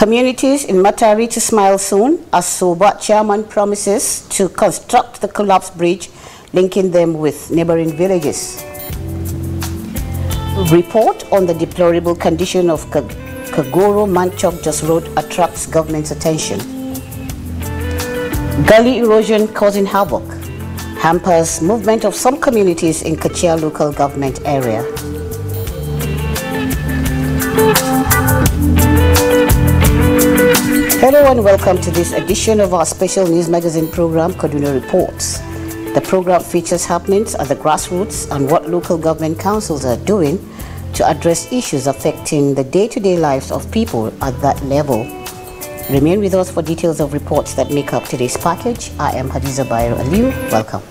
Communities in Matari to smile soon as Soba chairman promises to construct the collapsed bridge linking them with neighboring villages. Report on the deplorable condition of Kagoro Manchok Just Road attracts government's attention. Gully erosion causing havoc hampers movement of some communities in Kachia local government area. Hello and welcome to this edition of our special news magazine program, Kaduna Reports. The program features happenings at the grassroots and what local government councils are doing to address issues affecting the day to day lives of people at that level. Remain with us for details of reports that make up today's package. I am Hadiza Bayro Aliu. Welcome.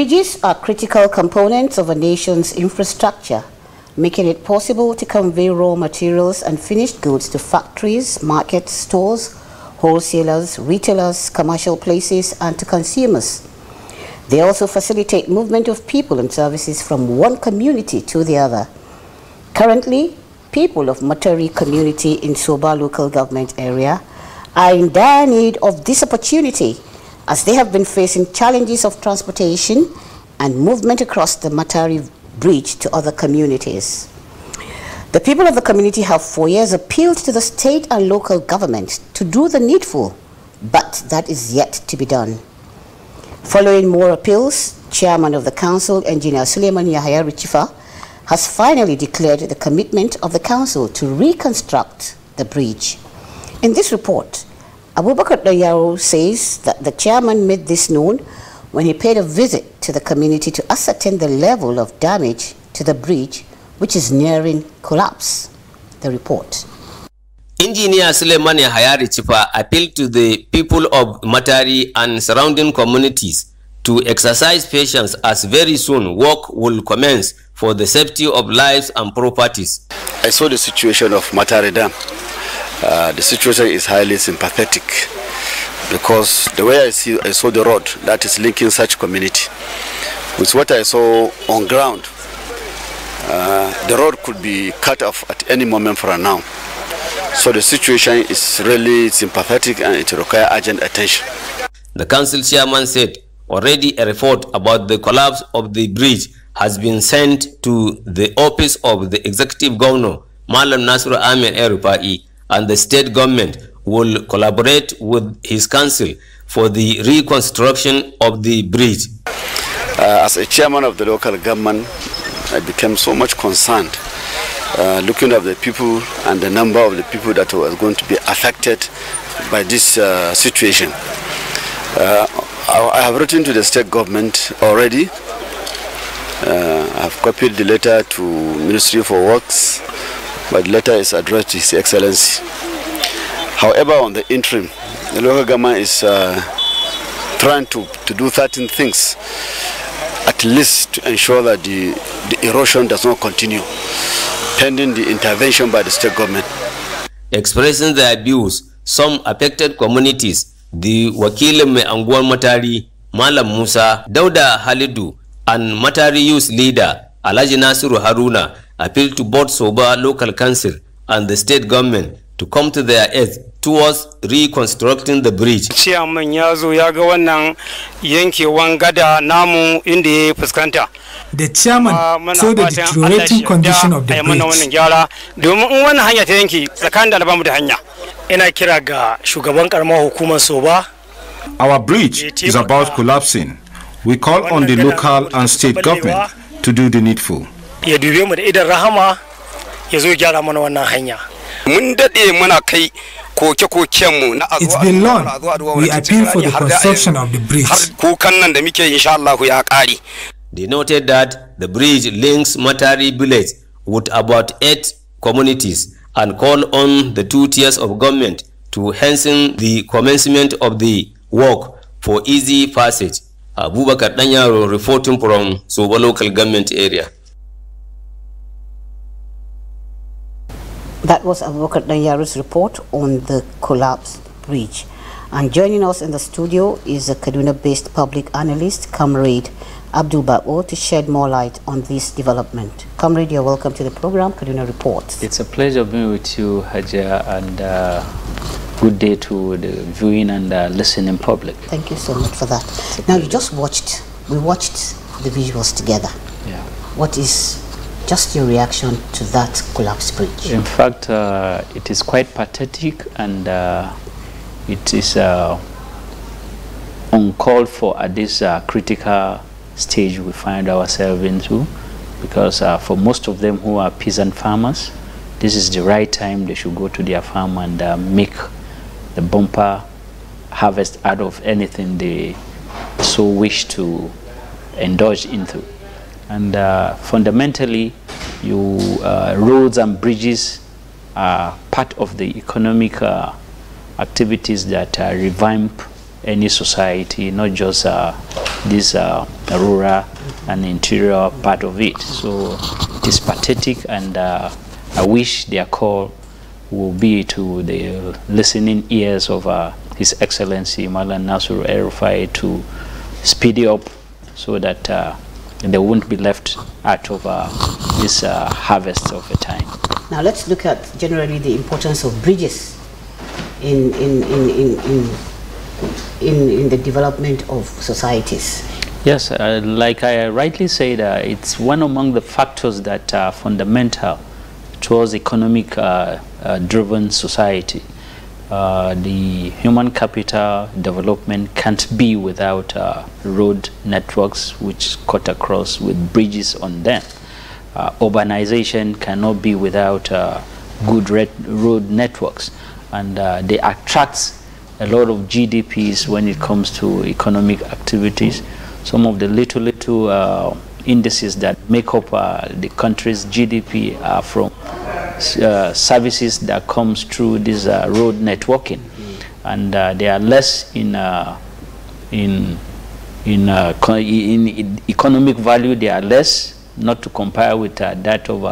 Bridges are critical components of a nation's infrastructure, making it possible to convey raw materials and finished goods to factories, markets, stores, wholesalers, retailers, commercial places, and to consumers. They also facilitate movement of people and services from one community to the other. Currently, people of Matari community in Soba local government area are in dire need of this opportunity as they have been facing challenges of transportation and movement across the Matari Bridge to other communities. The people of the community have for years appealed to the state and local government to do the needful, but that is yet to be done. Following more appeals, Chairman of the Council, Engineer Suleiman Yahya Richifa, has finally declared the commitment of the Council to reconstruct the bridge. In this report, Abubakar Dayaro says that the chairman made this known when he paid a visit to the community to ascertain the level of damage to the bridge which is nearing collapse. The report. Engineer Suleiman Hayari Richipa appealed to the people of Matari and surrounding communities to exercise patience as very soon work will commence for the safety of lives and properties. I saw the situation of Matari Dam Uh, the situation is highly sympathetic because the way I, see, I saw the road that is linking such community with what I saw on ground, uh, the road could be cut off at any moment from now. So the situation is really sympathetic and it requires urgent attention. The council chairman said already a report about the collapse of the bridge has been sent to the office of the executive governor, Malam Nasru Amin Erupai, and the state government will collaborate with his council for the reconstruction of the bridge. Uh, as a chairman of the local government, I became so much concerned uh, looking at the people and the number of the people that were going to be affected by this uh, situation. Uh, I, I have written to the state government already. Uh, I have copied the letter to Ministry for Works but the letter is addressed to His Excellency. However, on the interim, the local government is uh, trying to, to do certain things at least to ensure that the, the erosion does not continue pending the intervention by the state government. Expressing their views, some affected communities, the Wakile Me Anguan Matari, Malam Musa, Dauda Halidu, and Matari youth leader Alaji Nasiru Haruna appeal to both Soba local council and the state government to come to their aid towards reconstructing the bridge. Ciyaman ya zo ya ga wannan yankewan gada namu inda ya fuskanta. The chairman ah, saw the deteriorating condition of the bridge. domin in wannan hanya ta yanke tsakanin da albamu da hanya. Ina kira ga shugaban karamar hukumar Soba. Our bridge is about collapsing. We call on the local and state government to do the needful. ya dube mu da idan rahama ya zo gyara mana wannan hanya mun daɗe muna kai koke mu na It's been long. We been for the construction of the bridge. Kukan nan da muke insha Allah ya kare. They noted that the bridge links Matari village with about eight communities and call on the two tiers of government to hasten the commencement of the work for easy passage. Abubakar Danyaro reporting from Soba local government area. That was Advocate Bakr report on the collapsed bridge. And joining us in the studio is a Kaduna-based public analyst, Comrade Abdul Ba'o, to shed more light on this development. Comrade, you're welcome to the program, Kaduna Reports. It's a pleasure being with you, Haja, and uh, good day to the viewing and uh, listening public. Thank you so much for that. Now, you just watched, we watched the visuals together. Yeah. What is just your reaction to that collapsed bridge. In fact, uh, it is quite pathetic and uh, it is uh, uncalled for at this uh, critical stage we find ourselves into because uh, for most of them who are peasant farmers, this is the right time they should go to their farm and uh, make the bumper harvest out of anything they so wish to indulge into and uh, fundamentally you, uh, roads and bridges are part of the economic uh, activities that uh, revamp any society, not just uh, this uh, rural and interior part of it. So it is pathetic and I wish their call will be to the listening ears of His Excellency Malan Nasr el to speed it up so that and they won't be left out of uh, this uh, harvest a time. Now let's look at generally the importance of bridges in, in, in, in, in, in, in the development of societies. Yes, uh, like I rightly said, uh, it's one among the factors that are fundamental towards economic uh, uh, driven society. Uh, the human capital development can't be without uh, road networks which cut across with bridges on them. Uh, urbanization cannot be without uh, good road networks and uh, they attract a lot of GDPs when it comes to economic activities. Some of the little, little indices that make up the country's GDP are from uh, services that comes through this uh, road networking, mm. and uh, they are less in uh, in in, uh, in economic value. They are less, not to compare with uh, that of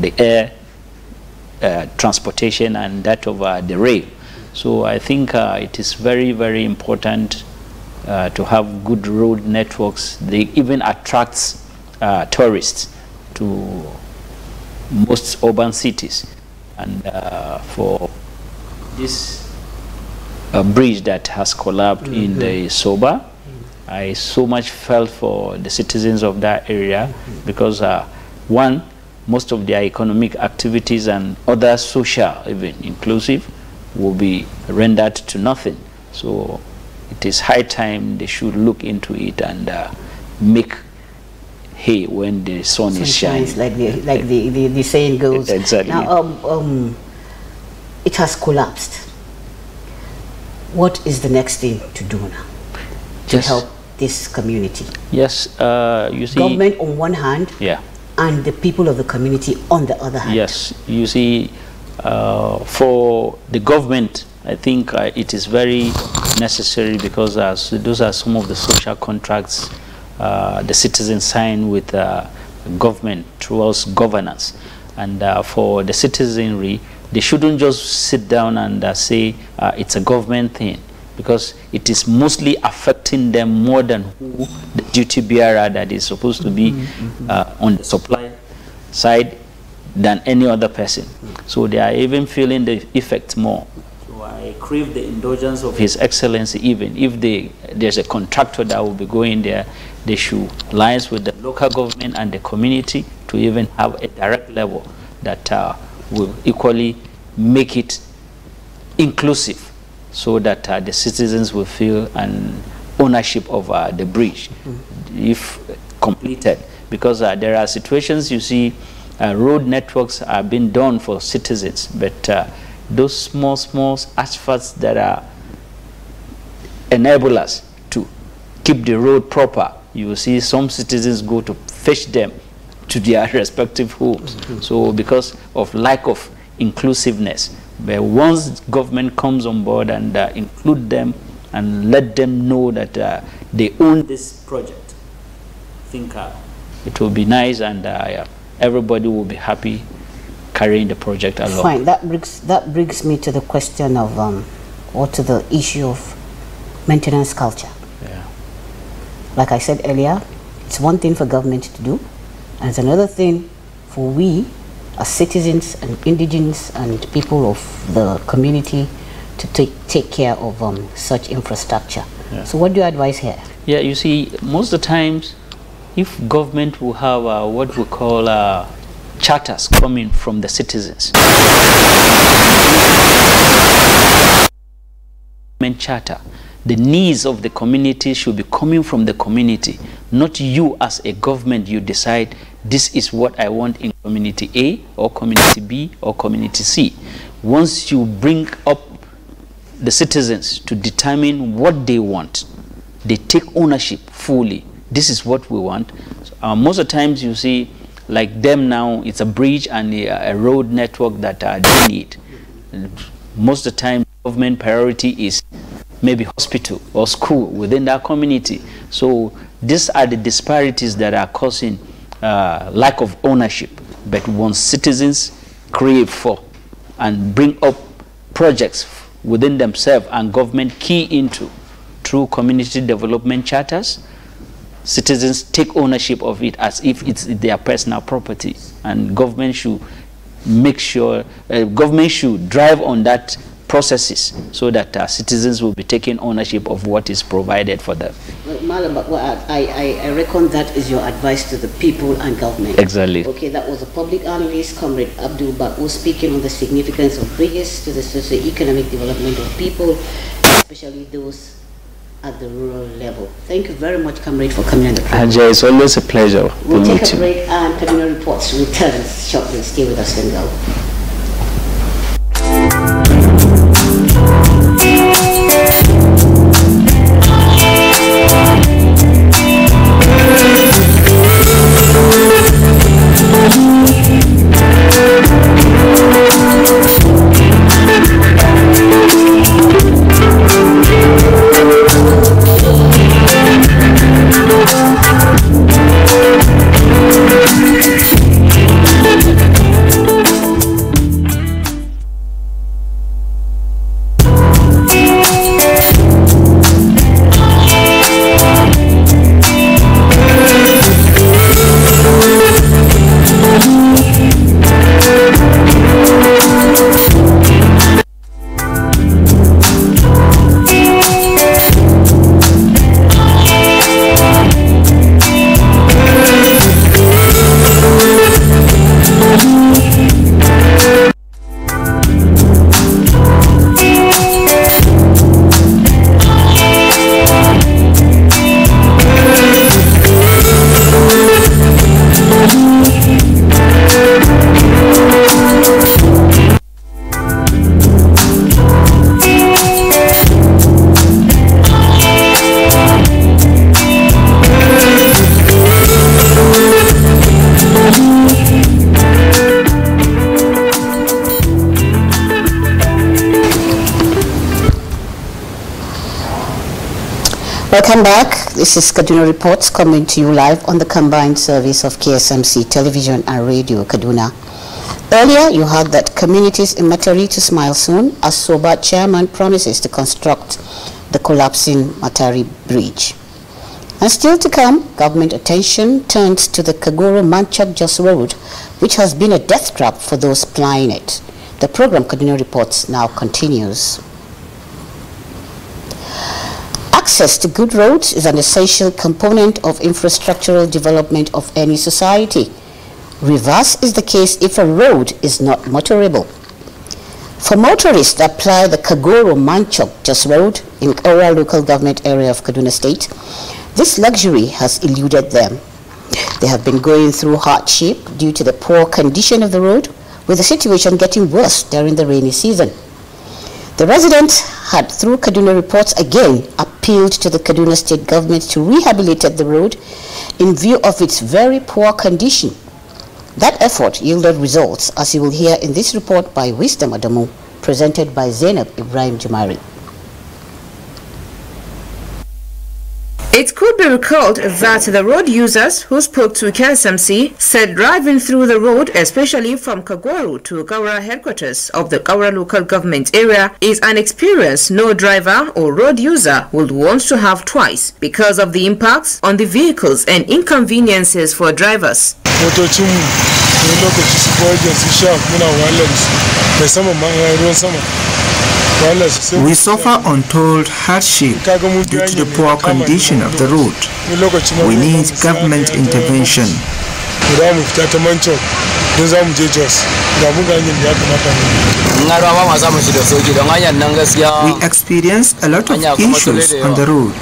the air transportation and that of the rail. So I think it is very very important to have good road networks. They even attracts tourists to most urban cities. And uh, for this uh, bridge that has collapsed mm -hmm. in mm-hmm. the Soba, mm -hmm. I so much felt for the citizens of that area mm -hmm. because uh, one, most of their economic activities and other social, even inclusive, will be rendered to nothing. So it is high time they should look into it and uh, make hay when the sun, sun is shining. Shines, like the, like the, the, the saying goes. Exactly. Now, um, um, it has collapsed. What is the next thing to do now to yes. help this community? Yes, uh, you see. Government on one hand. Yeah. And the people of the community on the other hand. Yes, you see, uh, for the government, I think uh, it is very necessary because as, those are some of the social contracts uh, the citizens sign with uh, government towards governance. And uh, for the citizenry, they shouldn't just sit down and say it's a government thing because it is mostly affecting them more than who the duty bearer that is supposed to be mm-hmm. uh, on the supply side than any other person. So they are even feeling the effect more. So I crave the indulgence of His Excellency even if they, there's a contractor that will be going there the issue lies with the local government and the community to even have a direct level that uh, will equally make it inclusive so that uh, the citizens will feel an ownership of uh, the bridge mm -hmm. if completed. Because uh, there are situations you see uh, road networks are being done for citizens, but uh, those small, small asphalts that are enable us to keep the road proper you will see some citizens go to fetch them to their respective homes. Mm -hmm. So because of lack of inclusiveness, but once government comes on board and uh, include them and let them know that uh, they own this project, think uh, it will be nice and uh, yeah, everybody will be happy carrying the project along. Fine. That brings that brings me to the question of um, or to the issue of maintenance culture. Like I said earlier, it's one thing for government to do, and it's another thing for we as citizens and indigenous and people of the community to take, take care of um, such infrastructure. Yeah. So what do you advise here? Yeah, you see, most of the times, if government will have uh, what we call uh, charters coming from the citizens. charter the needs of the community should be coming from the community, not you as a government. You decide this is what I want in community A or community B or community C. Once you bring up the citizens to determine what they want, they take ownership fully. This is what we want. So, uh, most of the times you see, like them now, it's a bridge and a, a road network that uh, they need. And most of the time, government priority is maybe hospital or school within that community. So these are the disparities that are causing uh, lack of ownership. But once citizens crave for and bring up projects within themselves and government key into through community development charters, citizens take ownership of it as if it's their personal property and government should make sure uh, government should drive on that processes so that uh, citizens will be taking ownership of what is provided for them. Well, Madam, well, I, I, I reckon that is your advice to the people and government. Exactly. Okay, that was a public analyst, Comrade Abdul Baku, speaking on the significance of bridges to the socio-economic development of people, especially those at the rural level. Thank you very much, Comrade, for coming on the program. Ajay, it's always a pleasure. We'll take a break you. and terminal reports will shortly. Stay with us and Welcome back. This is Kaduna Reports coming to you live on the combined service of KSMC Television and Radio Kaduna. Earlier, you heard that communities in Matari to smile soon as Soba chairman promises to construct the collapsing Matari Bridge. And still to come, government attention turns to the Kaguru Manchak Jos Road, which has been a death trap for those plying it. The program Kaduna Reports now continues. Access to good roads is an essential component of infrastructural development of any society. Reverse is the case if a road is not motorable. For motorists that ply the Kagoro-Manchok Just Road in our local government area of Kaduna State, this luxury has eluded them. They have been going through hardship due to the poor condition of the road, with the situation getting worse during the rainy season. The resident had, through Kaduna reports, again appealed to the Kaduna state government to rehabilitate the road in view of its very poor condition. That effort yielded results, as you will hear in this report by Wisdom Adamu, presented by Zainab Ibrahim Jumari. It could be recalled that the road users who spoke to KSMC said driving through the road, especially from Kagwaru to Kawara headquarters of the Kawara local government area, is an experience no driver or road user would want to have twice because of the impacts on the vehicles and inconveniences for drivers. We suffer untold hardship due to the poor condition of the road. We need government intervention. we experience a lot of issues on the road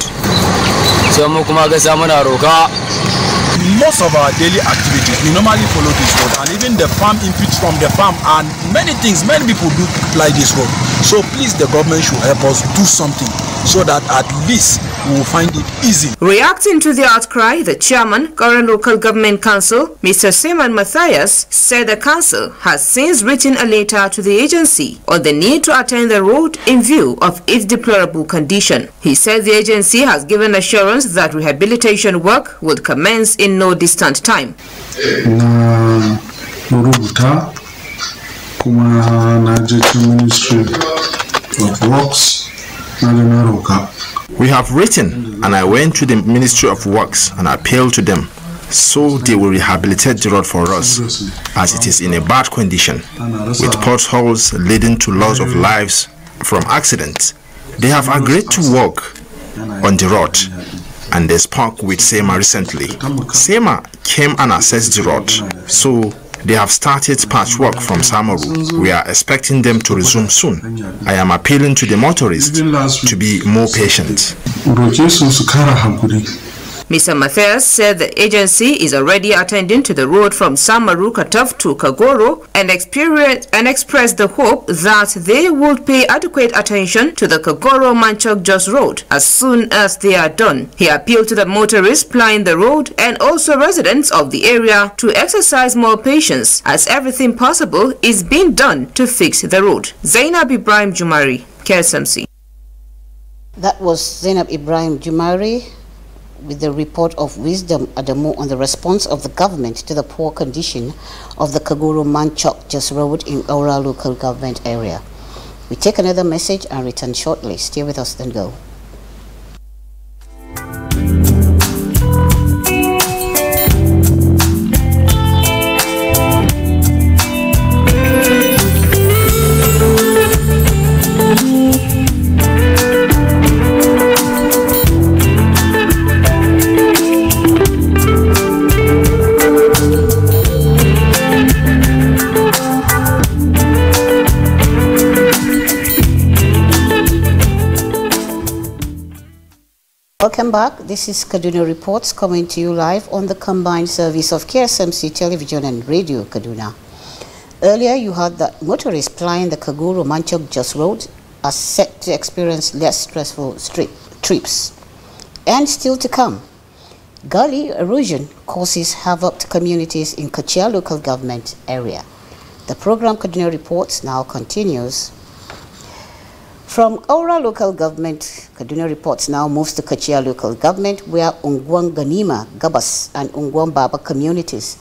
most of our daily activities we normally follow this road and even the farm inputs from the farm and many things many people do like this road so please the government should help us do something so that at least we will find it easy. Reacting to the outcry, the chairman, current Local Government Council, Mr. Simon Matthias, said the council has since written a letter to the agency on the need to attend the road in view of its deplorable condition. He said the agency has given assurance that rehabilitation work would commence in no distant time. kuma na je ministry of works we have written and I went to the Ministry of Works and appealed to them so they will rehabilitate the road for us as it is in a bad condition with potholes leading to loss of lives from accidents. They have agreed to work on the road and they spoke with SEMA recently. SEMA came and assessed the road so they have started patchwork from Samaru. We are expecting them to resume soon. I am appealing to the motorists to be more patient. Mr. Mathias said the agency is already attending to the road from Samaru Katov to Kagoro and, and expressed the hope that they would pay adequate attention to the Kagoro-Manchok Just road as soon as they are done. He appealed to the motorists plying the road and also residents of the area to exercise more patience as everything possible is being done to fix the road. Zainab Ibrahim Jumari, KSMC. That was Zainab Ibrahim Jumari with the report of Wisdom Adamu on the response of the government to the poor condition of the Kaguru Manchok Just Road in Aura local government area. We take another message and return shortly. Stay with us, then go. This is Kaduna Reports coming to you live on the combined service of KSMC Television and Radio Kaduna. Earlier, you heard that motorists plying the Kaguru Manchok Just Road are set to experience less stressful trips. And still to come, gully erosion causes havoc to communities in Kachia local government area. The program Kaduna Reports now continues. From Aura local government, Kaduna reports now moves to Kachia local government where Ungwan Ganima, Gabas and Ungwan Baba communities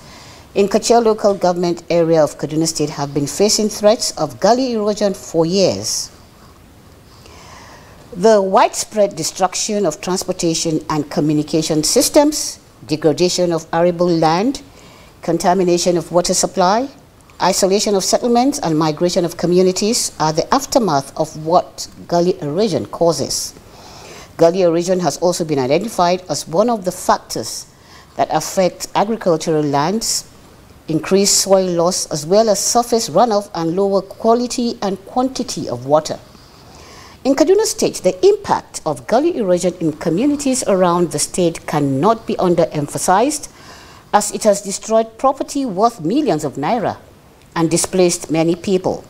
in Kachia local government area of Kaduna state have been facing threats of gully erosion for years. The widespread destruction of transportation and communication systems, degradation of arable land, contamination of water supply, Isolation of settlements and migration of communities are the aftermath of what gully erosion causes. Gully erosion has also been identified as one of the factors that affect agricultural lands, increased soil loss, as well as surface runoff and lower quality and quantity of water. In Kaduna State, the impact of gully erosion in communities around the state cannot be underemphasized as it has destroyed property worth millions of naira and displaced many people.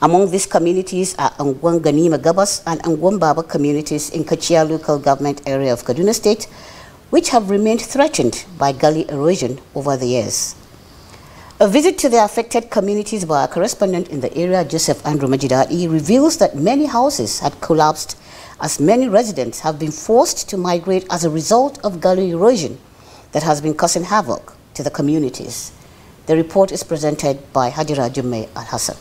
Among these communities are Angwan Ganima Gabas and Angwan Baba communities in Kachia local government area of Kaduna State, which have remained threatened by gully erosion over the years. A visit to the affected communities by a correspondent in the area, Joseph Andrew Majidadi, reveals that many houses had collapsed as many residents have been forced to migrate as a result of gully erosion that has been causing havoc to the communities. The report is presented by Hajira Jume Al Hassan.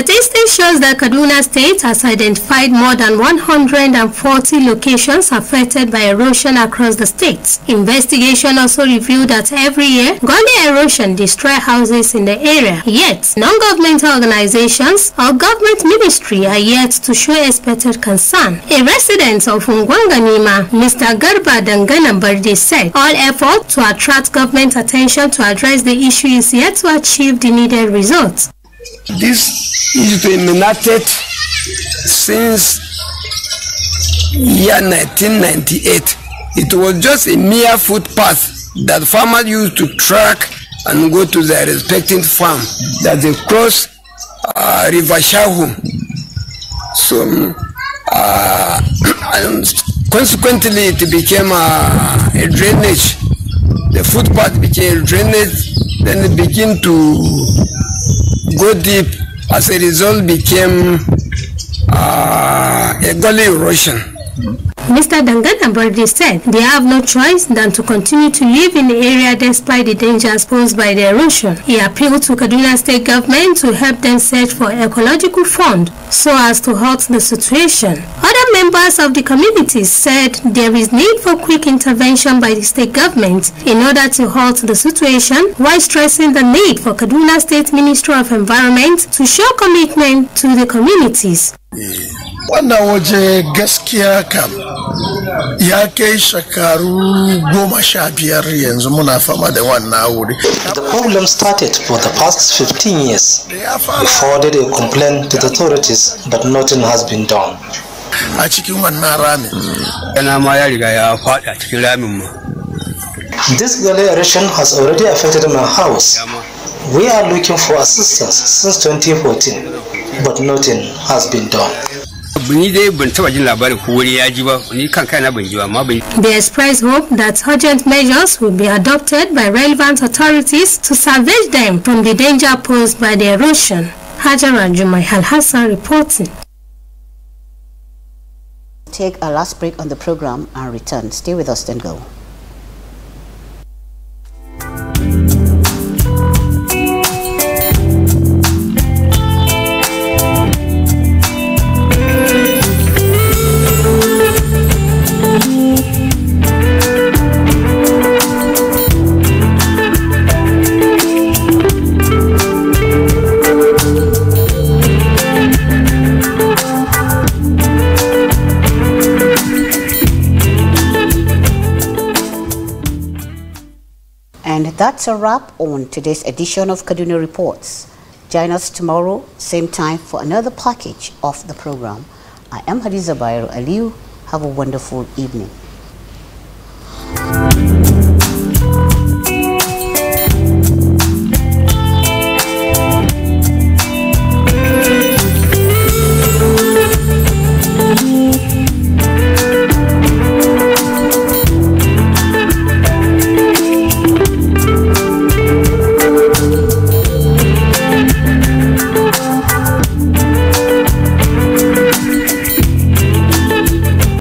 Statistics shows that Kaduna State has identified more than 140 locations affected by erosion across the state. Investigation also revealed that every year, gully erosion destroys houses in the area. Yet, non-governmental organizations or government ministry are yet to show expected concern. A resident of Ngwanganima, Mr. Garba Danganambardi said, all efforts to attract government attention to address the issue is yet to achieve the needed results. This is terminated since year 1998. It was just a mere footpath that farmers used to track and go to their respective farm that they cross uh, River Shahu. So um, uh, consequently, it became a, uh, a drainage. The footpath became a drainage, then it began to go deep as a result became uh, a gully erosion. Mr. Dangan Abroadi said they have no choice than to continue to live in the area despite the dangers posed by the erosion. He appealed to Kaduna state government to help them search for ecological fund so as to halt the situation. Other members of the community said there is need for quick intervention by the state government in order to halt the situation while stressing the need for Kaduna State Minister of Environment to show commitment to the communities. Yeah. wannan waje gaskiya kam ya kai shekaru goma sha biyar yanzu muna fama da wannan wuri. The problem started for the past 15 years. We forwarded a complaint to the authorities but nothing has been done. A cikin wannan ramin. Yana ma ya riga ya faɗi a cikin ramin mu. This erosion has already affected my house. We are looking for assistance since 2014, but nothing has been done. They express hope that urgent measures will be adopted by relevant authorities to salvage them from the danger posed by the erosion. Hajara Jumai Al Hassan reporting. Take a last break on the program and return. Stay with us, then go. That's a wrap on today's edition of Kaduna Reports. Join us tomorrow, same time, for another package of the program. I am Hadiza Bayro Aliu. Have a wonderful evening.